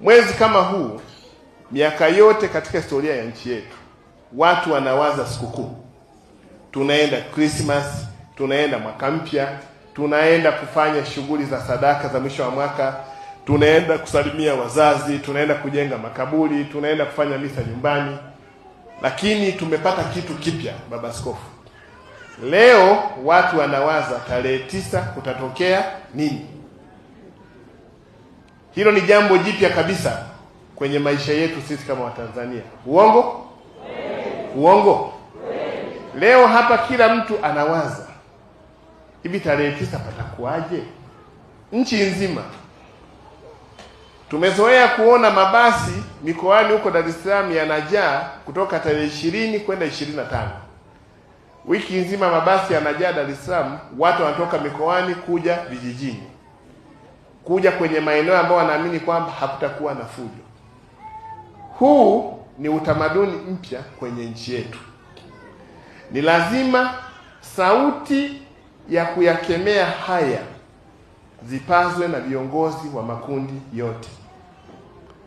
Mwezi kama huu, miaka yote katika historia ya nchi yetu watu wanawaza sikukuu. Tunaenda Christmas, tunaenda mwaka mpya, tunaenda kufanya shughuli za sadaka za mwisho wa mwaka, tunaenda kusalimia wazazi, tunaenda kujenga makaburi, tunaenda kufanya misa nyumbani. Lakini tumepata kitu kipya, baba askofu. Leo watu wanawaza tarehe tisa kutatokea nini? Hilo ni jambo jipya kabisa kwenye maisha yetu sisi kama Watanzania. Uongo uongo. Leo hapa kila mtu anawaza hivi, tarehe tisa patakuwaje? Nchi nzima tumezoea kuona mabasi mikoani huko Dar es Salaam yanajaa kutoka tarehe ishirini kwenda ishirini na tano. Wiki nzima mabasi yanajaa Dar es Salaam, watu wanatoka mikoani kuja vijijini kuja kwenye maeneo ambayo wanaamini kwamba hakutakuwa na fujo. Huu ni utamaduni mpya kwenye nchi yetu. Ni lazima sauti ya kuyakemea haya zipazwe na viongozi wa makundi yote,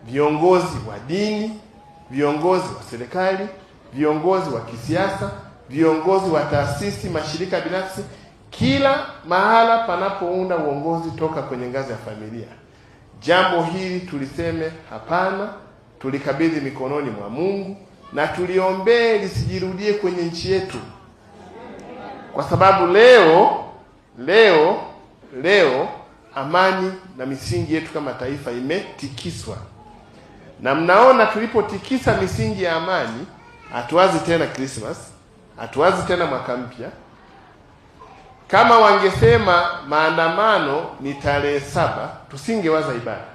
viongozi wa dini, viongozi wa serikali, viongozi wa kisiasa, viongozi wa taasisi, mashirika binafsi, kila mahala panapounda uongozi toka kwenye ngazi ya familia. Jambo hili tuliseme hapana, tulikabidhi mikononi mwa Mungu na tuliombee lisijirudie kwenye nchi yetu, kwa sababu leo leo leo amani na misingi yetu kama taifa imetikiswa, na mnaona tulipotikisa misingi ya amani, hatuwazi tena Christmas, hatuwazi tena mwaka mpya kama wangesema maandamano ni tarehe saba, tusingewaza ibada.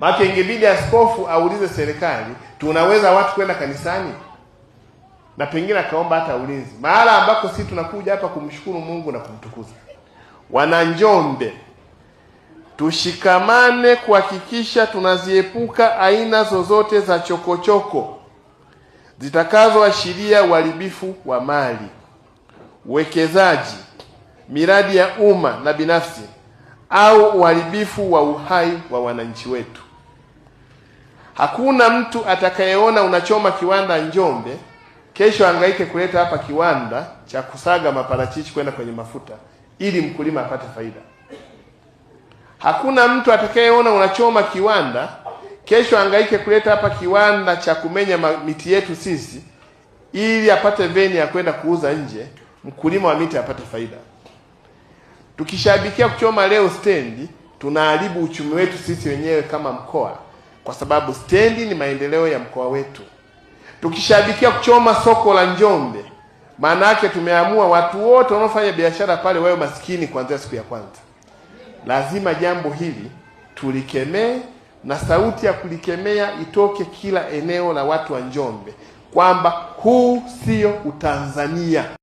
Maana ingebidi askofu aulize serikali, tunaweza watu kwenda kanisani? Na pengine akaomba hata ulinzi, mahala ambako sisi tunakuja hapa kumshukuru Mungu na kumtukuza. Wana Njombe, tushikamane kuhakikisha tunaziepuka aina zozote za chokochoko zitakazoashiria uharibifu wa mali uwekezaji, miradi ya umma na binafsi au uharibifu wa uhai wa wananchi wetu. Hakuna mtu atakayeona unachoma kiwanda Njombe, kesho angaike kuleta hapa kiwanda cha kusaga maparachichi kwenda kwenye mafuta ili mkulima apate faida. Hakuna mtu atakayeona unachoma kiwanda kesho angaike kuleta hapa kiwanda cha kumenya miti yetu sisi ili apate veni ya kwenda kuuza nje mkulima wa miti apate faida. Tukishabikia kuchoma leo stendi, tunaharibu uchumi wetu sisi wenyewe kama mkoa, kwa sababu stendi ni maendeleo ya mkoa wetu. Tukishabikia kuchoma soko la Njombe, maana yake tumeamua watu wote wanaofanya biashara pale wawe masikini kuanzia siku ya kwanza. Lazima jambo hili tulikemee na sauti ya kulikemea itoke kila eneo la watu wa Njombe kwamba huu sio Utanzania.